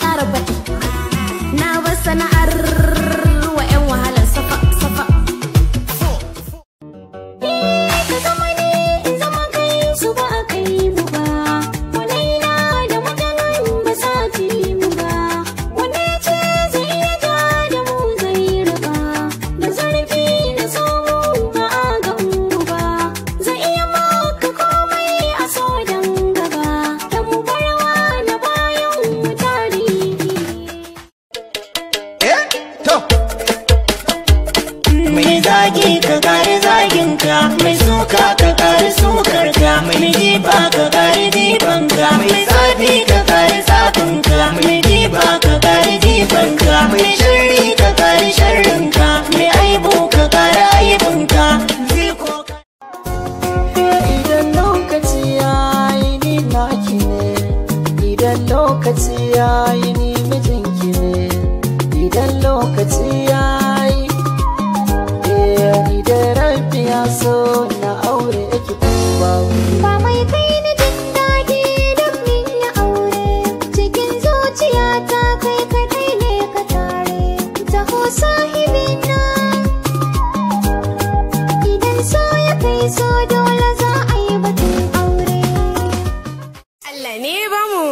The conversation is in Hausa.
I gotta wet mai zagi ka kare zaginka mai suka ka kare sukarka mai jiba ka kare jibanka mai tsafi ka kare tsafinka mai jiba ka kare jibanka mai sharri ka kare sharrinka mai aibu ka kare aibinka idan lokaci ya yi ni naki ne idan lokaci ya yi ni mijin ya so na aure yake kuma ba mai kai ni duk duk min ya aure cikin zuciya ta kai kadai ne ka tare taho sahibin na idan so ya kai so dole za a yi batun aure Allah ne ba mu